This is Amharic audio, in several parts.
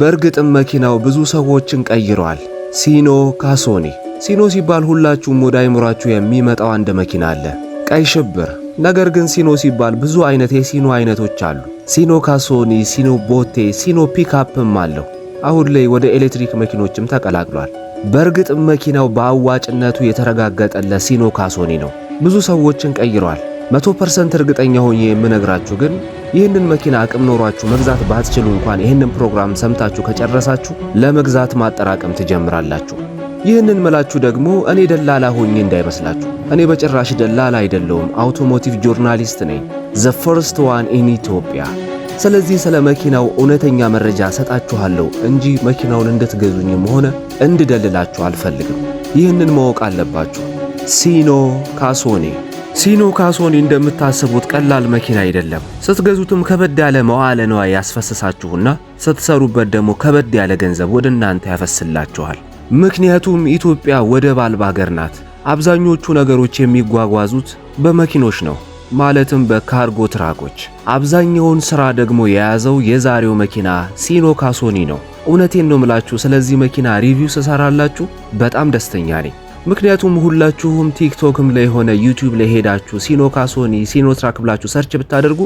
በእርግጥም መኪናው ብዙ ሰዎችን ቀይሯል። ሲኖ ካሶኒ ሲኖ ሲባል ሁላችሁም ወደ አይምሯችሁ የሚመጣው አንድ መኪና አለ፣ ቀይ ሽብር። ነገር ግን ሲኖ ሲባል ብዙ አይነት የሲኖ አይነቶች አሉ። ሲኖ ካሶኒ፣ ሲኖ ቦቴ፣ ሲኖ ፒካፕም አለው። አሁን ላይ ወደ ኤሌክትሪክ መኪኖችም ተቀላቅሏል። በእርግጥም መኪናው በአዋጭነቱ የተረጋገጠለ ሲኖ ካሶኒ ነው። ብዙ ሰዎችን ቀይሯል። መቶ ፐርሰንት እርግጠኛ ሆኜ የምነግራችሁ ግን ይህንን መኪና አቅም ኖሯችሁ መግዛት ባትችሉ እንኳን ይህንን ፕሮግራም ሰምታችሁ ከጨረሳችሁ ለመግዛት ማጠራቀም ትጀምራላችሁ። ይህንን መላችሁ ደግሞ እኔ ደላላ ሆኜ እንዳይመስላችሁ። እኔ በጭራሽ ደላላ አይደለውም፣ አውቶሞቲቭ ጆርናሊስት ነኝ፣ ዘ ፈርስት ዋን ኢን ኢትዮጵያ። ስለዚህ ስለ መኪናው እውነተኛ መረጃ ሰጣችኋለሁ እንጂ መኪናውን እንድትገዙኝም ሆነ እንድደልላችሁ አልፈልግም። ይህንን ማወቅ አለባችሁ። ሲኖ ካሶኔ ሲኖ ካሶኒ እንደምታስቡት ቀላል መኪና አይደለም። ስትገዙትም ከበድ ያለ መዋለ ንዋይ ያስፈሰሳችሁና ስትሰሩበት ደግሞ ከበድ ያለ ገንዘብ ወደ እናንተ ያፈስላችኋል። ምክንያቱም ኢትዮጵያ ወደብ አልባ ሀገር ናት። አብዛኞቹ ነገሮች የሚጓጓዙት በመኪኖች ነው፣ ማለትም በካርጎ ትራኮች። አብዛኛውን ስራ ደግሞ የያዘው የዛሬው መኪና ሲኖ ካሶኒ ነው። እውነቴን ነው ምላችሁ። ስለዚህ መኪና ሪቪው ስሰራላችሁ በጣም ደስተኛ ነኝ። ምክንያቱም ሁላችሁም ቲክቶክም ላይ ሆነ ዩቲዩብ ላይ ሄዳችሁ ሲኖካ ሶኒ፣ ሲኖትራክ ብላችሁ ሰርች ብታደርጉ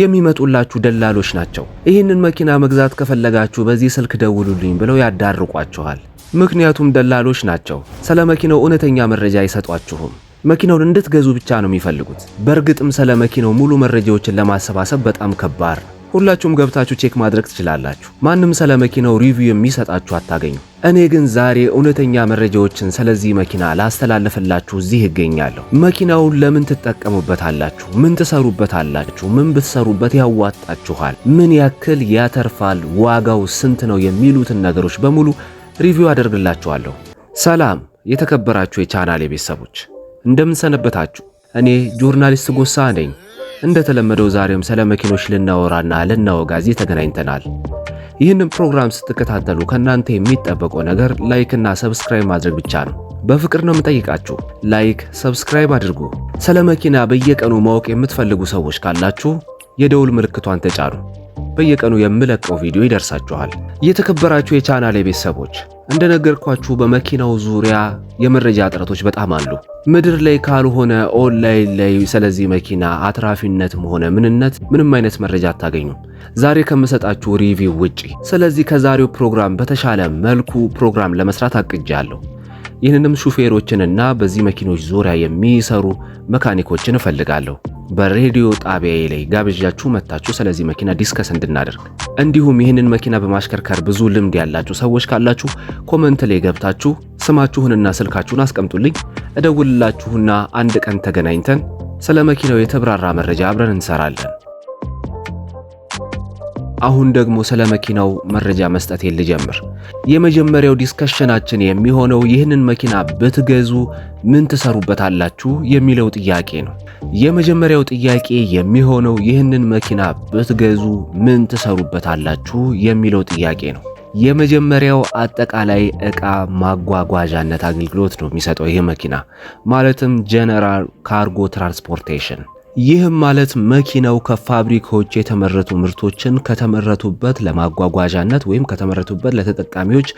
የሚመጡላችሁ ደላሎች ናቸው። ይህንን መኪና መግዛት ከፈለጋችሁ በዚህ ስልክ ደውሉልኝ ብለው ያዳርቋችኋል። ምክንያቱም ደላሎች ናቸው። ስለ መኪናው እውነተኛ መረጃ አይሰጧችሁም። መኪናውን እንድትገዙ ብቻ ነው የሚፈልጉት። በእርግጥም ስለ መኪናው ሙሉ መረጃዎችን ለማሰባሰብ በጣም ከባድ ነው። ሁላችሁም ገብታችሁ ቼክ ማድረግ ትችላላችሁ። ማንም ስለ መኪናው ሪቪው የሚሰጣችሁ አታገኙ። እኔ ግን ዛሬ እውነተኛ መረጃዎችን ስለዚህ መኪና ላስተላለፈላችሁ እዚህ እገኛለሁ። መኪናውን ለምን ትጠቀሙበታላችሁ? ምን ትሰሩበታላችሁ? ምን ብትሰሩበት ያዋጣችኋል? ምን ያክል ያተርፋል? ዋጋው ስንት ነው? የሚሉትን ነገሮች በሙሉ ሪቪው አደርግላችኋለሁ። ሰላም የተከበራችሁ የቻናሌ ቤተሰቦች እንደምን ሰነበታችሁ? እኔ ጆርናሊስት ጎሳ ነኝ። እንደተለመደው ዛሬም ስለ መኪኖች ልናወራና ልናወጋ እዚህ ተገናኝተናል። ይህንን ፕሮግራም ስትከታተሉ ከእናንተ የሚጠበቀው ነገር ላይክና ሰብስክራይብ ማድረግ ብቻ ነው። በፍቅር ነው የምጠይቃችሁ። ላይክ ሰብስክራይብ አድርጉ። ስለ መኪና በየቀኑ ማወቅ የምትፈልጉ ሰዎች ካላችሁ የደውል ምልክቷን ተጫኑ። በየቀኑ የምለቀው ቪዲዮ ይደርሳችኋል። የተከበራችሁ የቻናሌ ቤተሰቦች እንደነገርኳችሁ በመኪናው ዙሪያ የመረጃ እጥረቶች በጣም አሉ። ምድር ላይ ካልሆነ ኦንላይን ላይ ስለዚህ መኪና አትራፊነትም ሆነ ምንነት ምንም አይነት መረጃ አታገኙም ዛሬ ከምሰጣችሁ ሪቪው ውጪ። ስለዚህ ከዛሬው ፕሮግራም በተሻለ መልኩ ፕሮግራም ለመስራት አቅጃለሁ። ይህንንም ሹፌሮችንና በዚህ መኪኖች ዙሪያ የሚሰሩ መካኒኮችን እፈልጋለሁ። በሬዲዮ ጣቢያዬ ላይ ጋብዣችሁ መታችሁ ስለዚህ መኪና ዲስከስ እንድናደርግ እንዲሁም ይህንን መኪና በማሽከርከር ብዙ ልምድ ያላችሁ ሰዎች ካላችሁ ኮመንት ላይ ገብታችሁ ስማችሁንና ስልካችሁን አስቀምጡልኝ። እደውልላችሁና አንድ ቀን ተገናኝተን ስለ መኪናው የተብራራ መረጃ አብረን እንሰራለን። አሁን ደግሞ ስለ መኪናው መረጃ መስጠቴን ልጀምር። የመጀመሪያው ዲስከሽናችን የሚሆነው ይህንን መኪና ብትገዙ ምን ትሰሩበታላችሁ የሚለው ጥያቄ ነው። የመጀመሪያው ጥያቄ የሚሆነው ይህንን መኪና ብትገዙ ምን ትሰሩበታላችሁ የሚለው ጥያቄ ነው። የመጀመሪያው አጠቃላይ እቃ ማጓጓዣነት አገልግሎት ነው የሚሰጠው ይህ መኪና ማለትም ጀነራል ካርጎ ትራንስፖርቴሽን ይህም ማለት መኪናው ከፋብሪካዎች የተመረቱ ምርቶችን ከተመረቱበት ለማጓጓዣነት ወይም ከተመረቱበት ለተጠቃሚዎች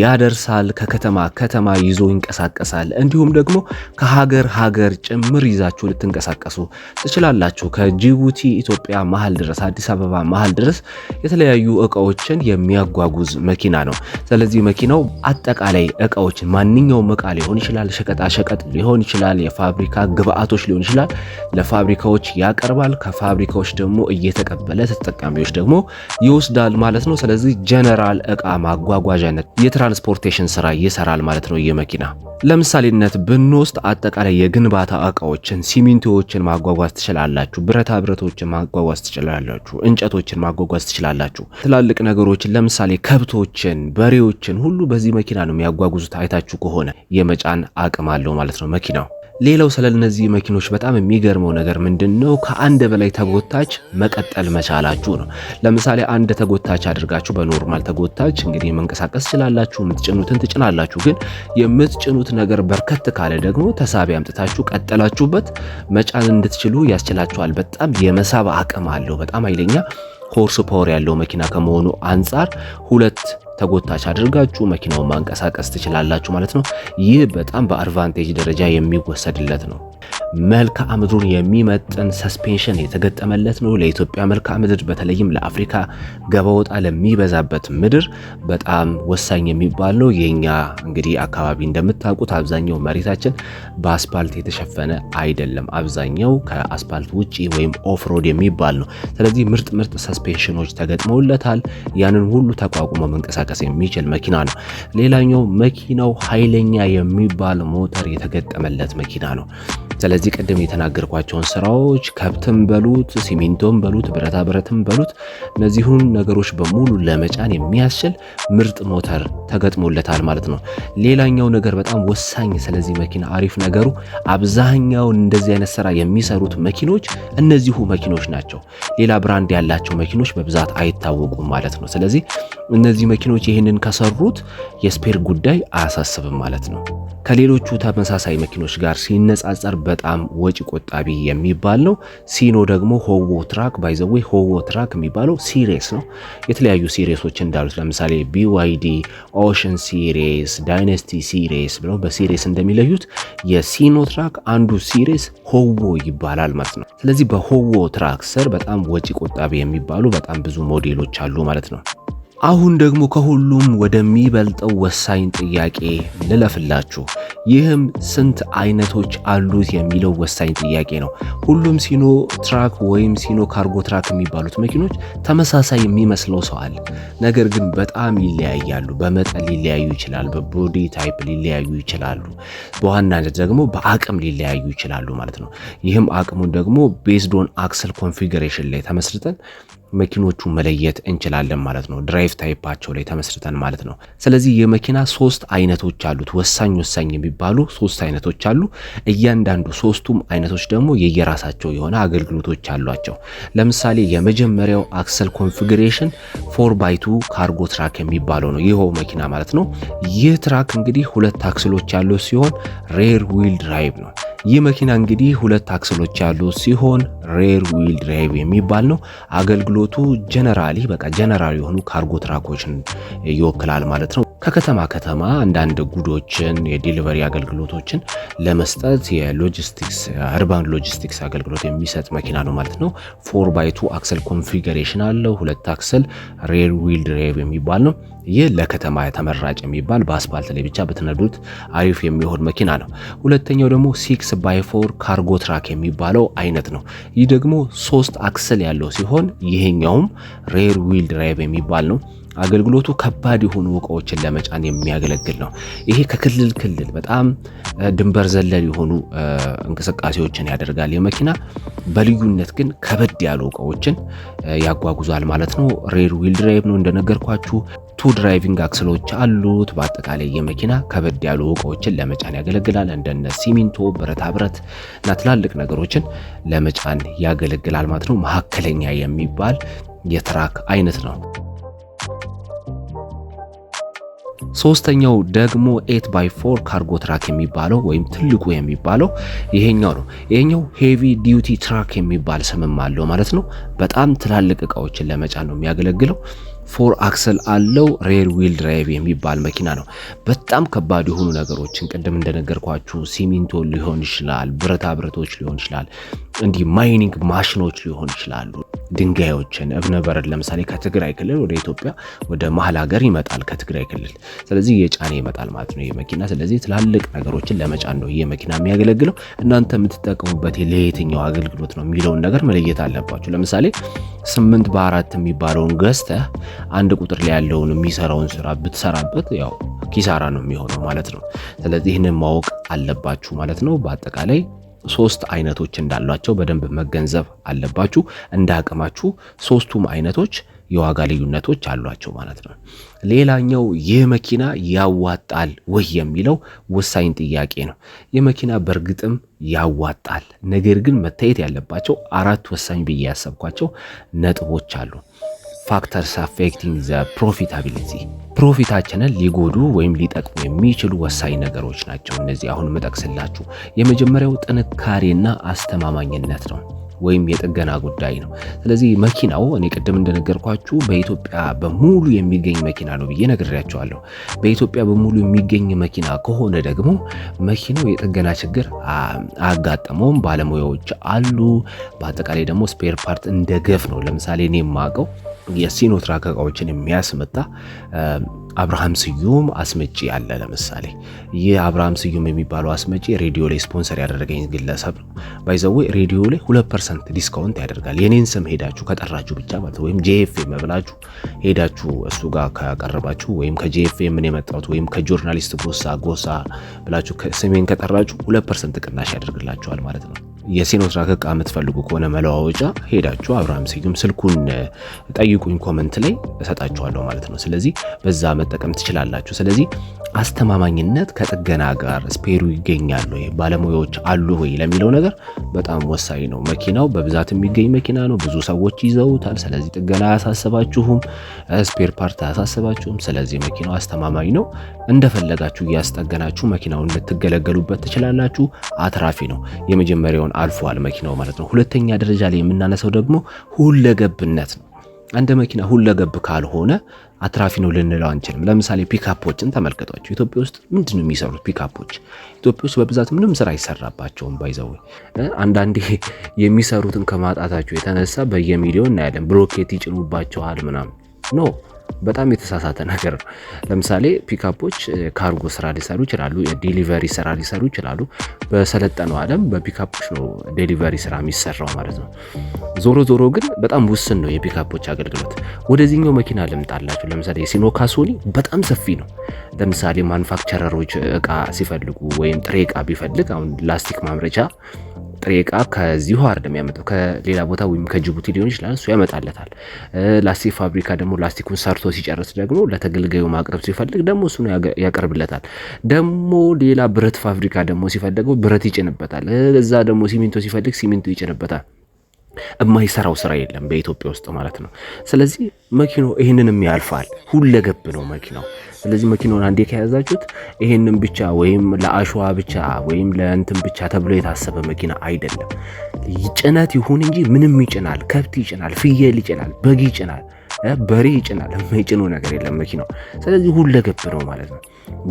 ያደርሳል። ከከተማ ከተማ ይዞ ይንቀሳቀሳል። እንዲሁም ደግሞ ከሀገር ሀገር ጭምር ይዛችሁ ልትንቀሳቀሱ ትችላላችሁ። ከጅቡቲ ኢትዮጵያ መሀል ድረስ አዲስ አበባ መሀል ድረስ የተለያዩ እቃዎችን የሚያጓጉዝ መኪና ነው። ስለዚህ መኪናው አጠቃላይ እቃዎችን ማንኛውም እቃ ሊሆን ይችላል፣ ሸቀጣሸቀጥ ሊሆን ይችላል፣ የፋብሪካ ግብአቶች ሊሆን ይችላል ለፋብሪ ፋብሪካዎች ያቀርባል። ከፋብሪካዎች ደግሞ እየተቀበለ ተጠቃሚዎች ደግሞ ይወስዳል ማለት ነው። ስለዚህ ጀነራል እቃ ማጓጓዣነት የትራንስፖርቴሽን ስራ ይሰራል ማለት ነው። የመኪና ለምሳሌነት ብንወስድ አጠቃላይ የግንባታ እቃዎችን፣ ሲሚንቶዎችን ማጓጓዝ ትችላላችሁ። ብረታ ብረቶችን ማጓጓዝ ትችላላችሁ። እንጨቶችን ማጓጓዝ ትችላላችሁ። ትላልቅ ነገሮችን ለምሳሌ ከብቶችን፣ በሬዎችን ሁሉ በዚህ መኪና ነው የሚያጓጉዙት። አይታችሁ ከሆነ የመጫን አቅም አለው ማለት ነው መኪናው። ሌላው ስለ እነዚህ መኪኖች በጣም የሚገርመው ነገር ምንድን ነው? ከአንድ በላይ ተጎታች መቀጠል መቻላችሁ ነው። ለምሳሌ አንድ ተጎታች አድርጋችሁ በኖርማል ተጎታች እንግዲህ መንቀሳቀስ ትችላላችሁ፣ የምትጭኑትን ትጭናላችሁ። ግን የምትጭኑት ነገር በርከት ካለ ደግሞ ተሳቢ አምጥታችሁ ቀጠላችሁበት መጫን እንድትችሉ ያስችላችኋል። በጣም የመሳብ አቅም አለው። በጣም ኃይለኛ ሆርስ ፓወር ያለው መኪና ከመሆኑ አንጻር ሁለት ተጎታች አድርጋችሁ መኪናውን ማንቀሳቀስ ትችላላችሁ ማለት ነው። ይህ በጣም በአድቫንቴጅ ደረጃ የሚወሰድለት ነው። መልክዓ ምድሩን የሚመጥን ሰስፔንሽን የተገጠመለት ነው። ለኢትዮጵያ መልክዓ ምድር በተለይም ለአፍሪካ ገባወጣ ለሚበዛበት ምድር በጣም ወሳኝ የሚባል ነው። የኛ እንግዲህ አካባቢ እንደምታውቁት አብዛኛው መሬታችን በአስፓልት የተሸፈነ አይደለም። አብዛኛው ከአስፓልት ውጪ ወይም ኦፍሮድ የሚባል ነው። ስለዚህ ምርጥ ምርጥ ሰስፔንሽኖች ተገጥመውለታል። ያንን ሁሉ ተቋቁሞ መንቀሳቀስ መንቀሳቀስ የሚችል መኪና ነው። ሌላኛው መኪናው ኃይለኛ የሚባል ሞተር የተገጠመለት መኪና ነው። ስለዚህ ቅድም የተናገርኳቸውን ስራዎች ከብትም በሉት ሲሚንቶም በሉት ብረታ ብረትም በሉት እነዚሁን ነገሮች በሙሉ ለመጫን የሚያስችል ምርጥ ሞተር ተገጥሞለታል ማለት ነው። ሌላኛው ነገር በጣም ወሳኝ ስለዚህ መኪና አሪፍ ነገሩ አብዛኛውን እንደዚህ አይነት ስራ የሚሰሩት መኪኖች እነዚሁ መኪኖች ናቸው። ሌላ ብራንድ ያላቸው መኪኖች በብዛት አይታወቁም ማለት ነው። ስለዚህ እነዚህ መኪኖች ይህንን ከሰሩት የስፔር ጉዳይ አያሳስብም ማለት ነው። ከሌሎቹ ተመሳሳይ መኪኖች ጋር ሲነጻጸር በጣም ወጪ ቆጣቢ የሚባል ነው። ሲኖ ደግሞ ሆዎ ትራክ ባይዘዌ ሆዎ ትራክ የሚባለው ሲሬስ ነው። የተለያዩ ሲሬሶች እንዳሉት ለምሳሌ ቢዋይዲ ኦሽን ሲሬስ፣ ዳይነስቲ ሲሬስ ብለው በሲሬስ እንደሚለዩት የሲኖ ትራክ አንዱ ሲሬስ ሆዎ ይባላል ማለት ነው። ስለዚህ በሆዎ ትራክ ስር በጣም ወጪ ቆጣቢ የሚባሉ በጣም ብዙ ሞዴሎች አሉ ማለት ነው። አሁን ደግሞ ከሁሉም ወደሚበልጠው ወሳኝ ጥያቄ ልለፍላችሁ። ይህም ስንት አይነቶች አሉት የሚለው ወሳኝ ጥያቄ ነው። ሁሉም ሲኖ ትራክ ወይም ሲኖ ካርጎ ትራክ የሚባሉት መኪኖች ተመሳሳይ የሚመስለው ሰው አለ። ነገር ግን በጣም ይለያያሉ። በመጠን ሊለያዩ ይችላል፣ በቦዲ ታይፕ ሊለያዩ ይችላሉ፣ በዋናነት ደግሞ በአቅም ሊለያዩ ይችላሉ ማለት ነው። ይህም አቅሙን ደግሞ ቤዝዶን አክስል ኮንፊግሬሽን ላይ ተመስርተን መኪኖቹን መለየት እንችላለን ማለት ነው፣ ድራይቭ ታይፓቸው ላይ ተመስርተን ማለት ነው። ስለዚህ የመኪና ሶስት አይነቶች አሉት፣ ወሳኝ ወሳኝ የሚባሉ ሶስት አይነቶች አሉ። እያንዳንዱ ሶስቱም አይነቶች ደግሞ የየራሳቸው የሆነ አገልግሎቶች አሏቸው። ለምሳሌ የመጀመሪያው አክሰል ኮንፊግሬሽን ፎር ባይቱ ካርጎ ትራክ የሚባለው ነው፣ ይኸው መኪና ማለት ነው። ይህ ትራክ እንግዲህ ሁለት አክስሎች ያለው ሲሆን ሬር ዊል ድራይቭ ነው። ይህ መኪና እንግዲህ ሁለት አክስሎች ያሉ ሲሆን ሬር ዊል ድራይቭ የሚባል ነው። አገልግሎቱ ጀነራሊ በቃ ጀነራል የሆኑ ካርጎ ትራኮችን ይወክላል ማለት ነው። ከከተማ ከተማ አንዳንድ ጉዶችን የዲሊቨሪ አገልግሎቶችን ለመስጠት የሎጂስቲክስ አርባን ሎጂስቲክስ አገልግሎት የሚሰጥ መኪና ነው ማለት ነው። ፎር ባይ ቱ አክሰል ኮንፊገሬሽን አለው። ሁለት አክሰል ሬር ዊል ድራይቭ የሚባል ነው። ይህ ለከተማ ተመራጭ የሚባል በአስፓልት ላይ ብቻ በተነዱት አሪፍ የሚሆን መኪና ነው። ሁለተኛው ደግሞ ሲክስ ባይ ፎር ካርጎ ትራክ የሚባለው አይነት ነው። ይህ ደግሞ ሶስት አክስል ያለው ሲሆን ይሄኛውም ሬር ዊል ድራይቭ የሚባል ነው። አገልግሎቱ ከባድ የሆኑ እቃዎችን ለመጫን የሚያገለግል ነው። ይሄ ከክልል ክልል በጣም ድንበር ዘለል የሆኑ እንቅስቃሴዎችን ያደርጋል። የመኪና በልዩነት ግን ከበድ ያሉ እቃዎችን ያጓጉዛል ማለት ነው። ሬር ዊል ድራይቭ ነው እንደነገርኳችሁ። ቱ ድራይቪንግ አክስሎች አሉት። በአጠቃላይ የመኪና ከበድ ያሉ እቃዎችን ለመጫን ያገለግላል። እንደነ ሲሚንቶ፣ ብረታ ብረት እና ትላልቅ ነገሮችን ለመጫን ያገለግላል ማለት ነው። መካከለኛ የሚባል የትራክ አይነት ነው። ሶስተኛው ደግሞ ኤት ባይ ፎር ካርጎ ትራክ የሚባለው ወይም ትልቁ የሚባለው ይሄኛው ነው። ይሄኛው ሄቪ ዲዩቲ ትራክ የሚባል ስምም አለው ማለት ነው። በጣም ትላልቅ እቃዎችን ለመጫን ነው የሚያገለግለው። ፎር አክሰል አለው። ሬር ዊል ድራይቭ የሚባል መኪና ነው። በጣም ከባድ የሆኑ ነገሮችን ቅድም እንደነገርኳችሁ ሲሚንቶ ሊሆን ይችላል፣ ብረታ ብረቶች ሊሆን ይችላል፣ እንዲህ ማይኒንግ ማሽኖች ሊሆን ይችላሉ። ድንጋዮችን እብነ በረድ ለምሳሌ ከትግራይ ክልል ወደ ኢትዮጵያ ወደ መሀል ሀገር ይመጣል ከትግራይ ክልል። ስለዚህ የጫነ ይመጣል ማለት ነው ይህ መኪና። ስለዚህ ትላልቅ ነገሮችን ለመጫን ነው ይህ መኪና የሚያገለግለው። እናንተ የምትጠቀሙበት ለየትኛው አገልግሎት ነው የሚለውን ነገር መለየት አለባቸሁ ለምሳሌ ስምንት በአራት የሚባለውን ገዝተህ አንድ ቁጥር ላይ ያለውን የሚሰራውን ስራ ብትሰራበት ያው ኪሳራ ነው የሚሆነው ማለት ነው። ስለዚህ ይህንን ማወቅ አለባችሁ ማለት ነው በአጠቃላይ ሶስት አይነቶች እንዳሏቸው በደንብ መገንዘብ አለባችሁ። እንደ አቅማችሁ ሶስቱም አይነቶች የዋጋ ልዩነቶች አሏቸው ማለት ነው። ሌላኛው ይህ መኪና ያዋጣል ወይ የሚለው ወሳኝ ጥያቄ ነው። ይህ መኪና በእርግጥም ያዋጣል፣ ነገር ግን መታየት ያለባቸው አራት ወሳኝ ብዬ ያሰብኳቸው ነጥቦች አሉ። ፋክተርስ አፌክቲንግ ዘ ፕሮፊታቢሊቲ ፕሮፊታችንን ሊጎዱ ወይም ሊጠቅሙ የሚችሉ ወሳኝ ነገሮች ናቸው። እነዚህ አሁን መጠቅስላችሁ የመጀመሪያው ጥንካሬና አስተማማኝነት ነው ወይም የጥገና ጉዳይ ነው። ስለዚህ መኪናው እኔ ቅድም እንደነገርኳችሁ በኢትዮጵያ በሙሉ የሚገኝ መኪና ነው ብዬ ነግሬያቸዋለሁ። በኢትዮጵያ በሙሉ የሚገኝ መኪና ከሆነ ደግሞ መኪናው የጥገና ችግር አያጋጠመውም፣ ባለሙያዎች አሉ። በአጠቃላይ ደግሞ ስፔር ፓርት እንደ ገፍ ነው። ለምሳሌ እኔ የማውቀው የሲኖትራክ እቃዎችን የሚያስመጣ አብርሃም ስዩም አስመጪ አለ። ለምሳሌ ይህ አብርሃም ስዩም የሚባለው አስመጪ ሬዲዮ ላይ ስፖንሰር ያደረገኝ ግለሰብ ነው። ባይዘዊ ሬዲዮ ላይ ሁለት ፐርሰንት ዲስካውንት ያደርጋል። የኔን ስም ሄዳችሁ ከጠራችሁ ብቻ ማለት ወይም ጄኤፍኤም ብላችሁ ሄዳችሁ እሱ ጋር ከቀረባችሁ ወይም ከጄኤፍኤም ምን የመጣሁት ወይም ከጆርናሊስት ጎሳ ጎሳ ብላችሁ ስሜን ከጠራችሁ ሁለት ፐርሰንት ቅናሽ ያደርግላችኋል ማለት ነው። የሲኖትራክ እቃ የምትፈልጉ ከሆነ መለዋወጫ ሄዳችሁ አብርሃም ስዩም ስልኩን ጠይቁኝ፣ ኮመንት ላይ እሰጣችኋለሁ ማለት ነው። ስለዚህ በዛ መጠቀም ትችላላችሁ። ስለዚህ አስተማማኝነት ከጥገና ጋር ስፔሩ ይገኛሉ ወይ ባለሙያዎች አሉ ወይ ለሚለው ነገር በጣም ወሳኝ ነው። መኪናው በብዛት የሚገኝ መኪና ነው፣ ብዙ ሰዎች ይዘውታል። ስለዚህ ጥገና አያሳስባችሁም፣ ስፔር ፓርት አያሳስባችሁም። ስለዚህ መኪናው አስተማማኝ ነው። እንደፈለጋችሁ እያስጠገናችሁ መኪናውን ልትገለገሉበት ትችላላችሁ። አትራፊ ነው። የመጀመሪያውን አልፏል መኪናው ማለት ነው። ሁለተኛ ደረጃ ላይ የምናነሳው ደግሞ ሁለገብነት ነው። አንድ መኪና ሁለገብ ካልሆነ አትራፊ ነው ልንለው አንችልም። ለምሳሌ ፒካፖችን ተመልከቷቸው። ኢትዮጵያ ውስጥ ምንድን ነው የሚሰሩት? ፒካፖች ኢትዮጵያ ውስጥ በብዛት ምንም ስራ አይሰራባቸውም። ባይዘው አንዳንዴ የሚሰሩትን ከማጣታቸው የተነሳ በየሚዲዮ እናያለን ብሎኬት ይጭኑባቸዋል ምናምን ኖ በጣም የተሳሳተ ነገር ነው። ለምሳሌ ፒካፖች ካርጎ ስራ ሊሰሩ ይችላሉ፣ ዴሊቨሪ ስራ ሊሰሩ ይችላሉ። በሰለጠነው ዓለም በፒካፖች ነው ዴሊቨሪ ስራ የሚሰራው ማለት ነው። ዞሮ ዞሮ ግን በጣም ውስን ነው የፒካፖች አገልግሎት። ወደዚህኛው መኪና ልምጣላችሁ። ለምሳሌ ሲኖካሶኒ በጣም ሰፊ ነው። ለምሳሌ ማኑፋክቸረሮች እቃ ሲፈልጉ ወይም ጥሬ እቃ ቢፈልግ አሁን ላስቲክ ማምረቻ ጥሬ እቃ ከዚሁ አርድ የሚያመጣው ከሌላ ቦታ ወይም ከጅቡቲ ሊሆን ይችላል። እሱ ያመጣለታል። ላስቲክ ፋብሪካ ደግሞ ላስቲኩን ሰርቶ ሲጨርስ ደግሞ ለተገልጋዩ ማቅረብ ሲፈልግ ደግሞ እሱ ያቀርብለታል። ደግሞ ሌላ ብረት ፋብሪካ ደግሞ ሲፈልገው ብረት ይጭንበታል። እዛ ደግሞ ሲሚንቶ ሲፈልግ ሲሚንቶ ይጭንበታል። የማይሰራው ስራ የለም በኢትዮጵያ ውስጥ ማለት ነው። ስለዚህ መኪናው ይህንንም ያልፋል። ሁለገብ ነው መኪናው። ስለዚህ መኪናውን አንዴ ከያዛችሁት ይሄንን ብቻ ወይም ለአሸዋ ብቻ ወይም ለእንትን ብቻ ተብሎ የታሰበ መኪና አይደለም። ጭነት ይሁን እንጂ ምንም ይጭናል። ከብት ይጭናል፣ ፍየል ይጭናል፣ በግ ይጭናል፣ በሬ ይጭናል። የማይጭነው ነገር የለም መኪናው። ስለዚህ ሁለገብ ነው ማለት ነው።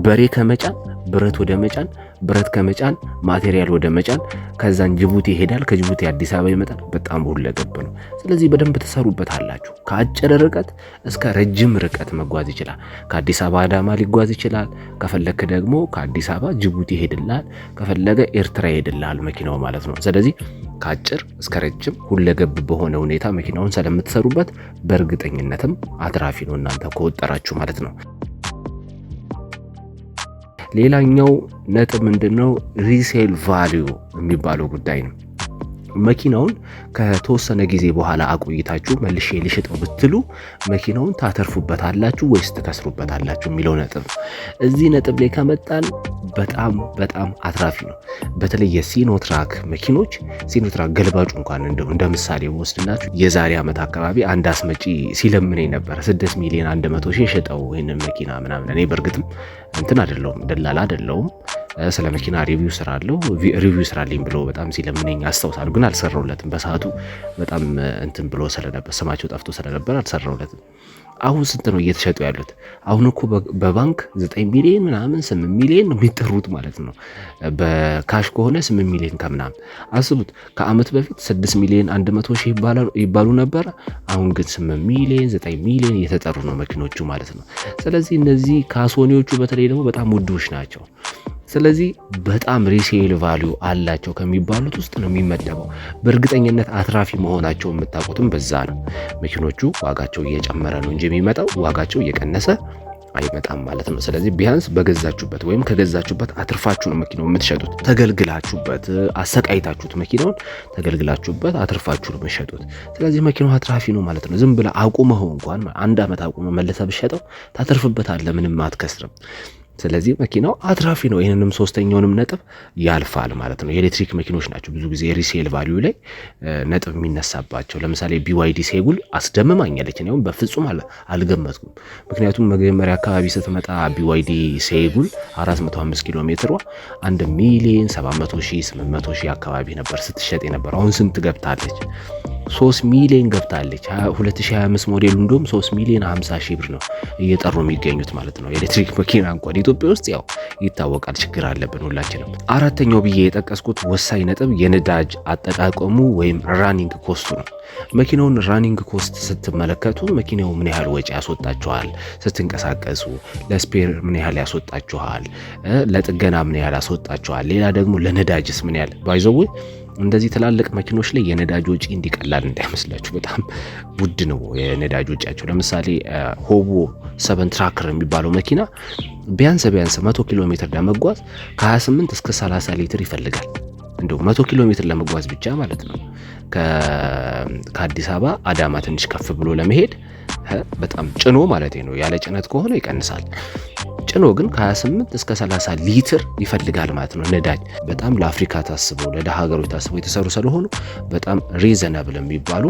በሬ ከመጫን ብረት ወደ መጫን ብረት ከመጫን ማቴሪያል ወደ መጫን ከዛን ጅቡቲ ይሄዳል። ከጅቡቲ አዲስ አበባ ይመጣል። በጣም ሁለገብ ነው። ስለዚህ በደንብ ትሰሩበት አላችሁ። ከአጭር ርቀት እስከ ረጅም ርቀት መጓዝ ይችላል። ከአዲስ አበባ አዳማ ሊጓዝ ይችላል። ከፈለክ ደግሞ ከአዲስ አበባ ጅቡቲ ይሄድላል። ከፈለገ ኤርትራ ይሄድላል መኪናው ማለት ነው። ስለዚህ ከአጭር እስከ ረጅም ሁለገብ በሆነ ሁኔታ መኪናውን ስለምትሰሩበት በእርግጠኝነትም አትራፊ ነው እናንተ ከወጠራችሁ ማለት ነው። ሌላኛው ነጥብ ምንድን ነው? ሪሴል ቫሊዩ የሚባለው ጉዳይ ነው። መኪናውን ከተወሰነ ጊዜ በኋላ አቆይታችሁ መልሼ ልሽጠው ብትሉ መኪናውን ታተርፉበታላችሁ ወይስ ትከስሩበታላችሁ የሚለው ነጥብ እዚህ ነጥብ ላይ ከመጣን በጣም በጣም አትራፊ ነው። በተለይ የሲኖትራክ መኪኖች ሲኖትራክ ገልባጩ እንኳን እንደው እንደ ምሳሌ ወስድላችሁ የዛሬ ዓመት አካባቢ አንድ አስመጪ ሲለምነኝ ነበረ ስድስት ሚሊዮን አንድ መቶ ሺህ የሸጠው ይህንን መኪና ምናምን። እኔ በእርግጥም እንትን አደለውም ደላላ አደለውም ስለ መኪና ሪቪው ስራ አለው ሪቪው ስራልኝ ብሎ በጣም ሲለምነኝ አስታውሳሉ። ግን አልሰራውለትም በሰዓቱ በጣም እንትን ብሎ ስለነበር ስማቸው ጠፍቶ ስለነበር አልሰራውለትም። አሁን ስንት ነው እየተሸጡ ያሉት? አሁን እኮ በባንክ ዘጠኝ ሚሊዮን ምናምን ስምንት ሚሊዮን ነው የሚጠሩት ማለት ነው። በካሽ ከሆነ ስምንት ሚሊዮን ከምናምን አስቡት። ከአመት በፊት ስድስት ሚሊዮን አንድ መቶ ሺህ ይባሉ ነበረ። አሁን ግን ስምንት ሚሊዮን ዘጠኝ ሚሊዮን እየተጠሩ ነው መኪኖቹ ማለት ነው። ስለዚህ እነዚህ ካሶኒዎቹ በተለይ ደግሞ በጣም ውዶች ናቸው። ስለዚህ በጣም ሪሴል ቫሊዩ አላቸው ከሚባሉት ውስጥ ነው የሚመደበው። በእርግጠኝነት አትራፊ መሆናቸው የምታውቁትም በዛ ነው። መኪኖቹ ዋጋቸው እየጨመረ ነው እንጂ የሚመጣው ዋጋቸው እየቀነሰ አይመጣም ማለት ነው። ስለዚህ ቢያንስ በገዛችሁበት ወይም ከገዛችሁበት አትርፋችሁ ነው መኪናው የምትሸጡት። ተገልግላችሁበት፣ አሰቃይታችሁት መኪናውን ተገልግላችሁበት አትርፋችሁ ነው የምትሸጡት። ስለዚህ መኪናው አትራፊ ነው ማለት ነው። ዝም ብለህ አቁመኸው እንኳን አንድ ዓመት አቁመ መለሰ ብሸጠው ታተርፍበታለህ፣ ምንም አትከስርም። ስለዚህ መኪናው አትራፊ ነው። ይህንንም ሶስተኛውንም ነጥብ ያልፋል ማለት ነው። የኤሌክትሪክ መኪኖች ናቸው ብዙ ጊዜ ሪሴል ቫሊዩ ላይ ነጥብ የሚነሳባቸው። ለምሳሌ ቢዋይዲ ሴጉል አስደምማኛለች። እኔ በፍጹም አልገመትኩም። ምክንያቱም መጀመሪያ አካባቢ ስትመጣ ቢዋይዲ ሴጉል 45 ኪሎ ሜትሯ 1 ሚሊዮን 700 ሺህ 800 ሺህ አካባቢ ነበር ስትሸጥ የነበረ አሁን ስንት ገብታለች? 3 ሚሊዮን ገብታለች። 2025 ሞዴሉ እንዲሁም 3 ሚሊዮን 50 ሺህ ብር ነው እየጠሩ የሚገኙት ማለት ነው። ኤሌክትሪክ መኪና እንኳን ኢትዮጵያ ውስጥ ያው ይታወቃል፣ ችግር አለብን ሁላችንም። አራተኛው ብዬ የጠቀስኩት ወሳኝ ነጥብ የነዳጅ አጠቃቀሙ ወይም ራኒንግ ኮስቱ ነው። መኪናውን ራኒንግ ኮስት ስትመለከቱ መኪናው ምን ያህል ወጪ ያስወጣችኋል፣ ስትንቀሳቀሱ ለስፔር ምን ያህል ያስወጣችኋል፣ ለጥገና ምን ያህል ያስወጣችኋል፣ ሌላ ደግሞ ለነዳጅስ ምን ያህል ባይዘው እንደዚህ ትላልቅ መኪኖች ላይ የነዳጅ ወጪ እንዲቀላል እንዳይመስላችሁ በጣም ውድ ነው የነዳጅ ወጪያቸው። ለምሳሌ ሆቦ ሰቨን ትራክር የሚባለው መኪና ቢያንስ ቢያንስ 100 ኪሎ ሜትር ለመጓዝ ከ28 እስከ 30 ሊትር ይፈልጋል። እንደው 100 ኪሎ ሜትር ለመጓዝ ብቻ ማለት ነው። ከአዲስ አበባ አዳማ ትንሽ ከፍ ብሎ ለመሄድ በጣም ጭኖ ማለት ነው። ያለ ጭነት ከሆነ ይቀንሳል። ጭኖ ግን ከ28 እስከ 30 ሊትር ይፈልጋል ማለት ነው ነዳጅ። በጣም ለአፍሪካ ታስበው ለደሃ ሀገሮች ታስበው የተሰሩ ስለሆኑ በጣም ሪዘናብል የሚባሉ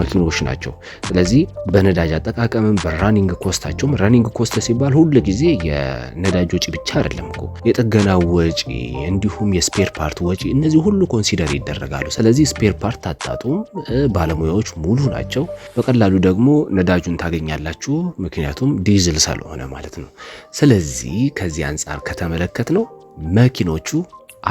መኪኖች ናቸው። ስለዚህ በነዳጅ አጠቃቀምም በራኒንግ ኮስታቸውም፣ ራኒንግ ኮስት ሲባል ሁል ጊዜ የነዳጅ ወጪ ብቻ አይደለም እኮ የጥገና ወጪ እንዲሁም የስፔር ፓርት ወጪ፣ እነዚህ ሁሉ ኮንሲደር ይደረጋሉ። ስለዚህ ስፔር ፓርት አታጡም፣ ባለሙያዎች ሙሉ ናቸው። በቀላሉ ደግሞ ነዳጁን ታገኛላችሁ፣ ምክንያቱም ዲዝል ስለሆነ ማለት ነው። ስለዚህ ከዚህ አንጻር ከተመለከት ነው መኪኖቹ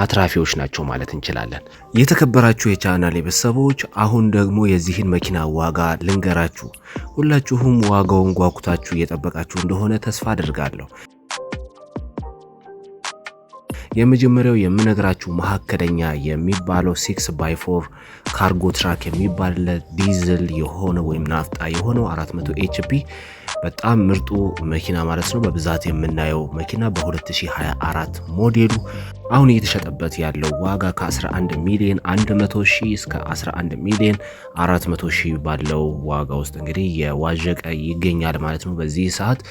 አትራፊዎች ናቸው ማለት እንችላለን። የተከበራችሁ የቻናል ቤተሰቦች አሁን ደግሞ የዚህን መኪና ዋጋ ልንገራችሁ። ሁላችሁም ዋጋውን ጓጉታችሁ እየጠበቃችሁ እንደሆነ ተስፋ አድርጋለሁ። የመጀመሪያው የምነግራችሁ መካከለኛ የሚባለው ሲክስ ባይ ፎር ካርጎ ትራክ የሚባልለት ዲዝል የሆነ ወይም ናፍጣ የሆነው 400 ኤችፒ በጣም ምርጡ መኪና ማለት ነው። በብዛት የምናየው መኪና በ2024 ሞዴሉ አሁን እየተሸጠበት ያለው ዋጋ ከ11 ሚሊዮን 100 ሺህ እስከ 11 ሚሊዮን 400 ሺህ ባለው ዋጋ ውስጥ እንግዲህ የዋዠቀ ይገኛል ማለት ነው በዚህ ሰዓት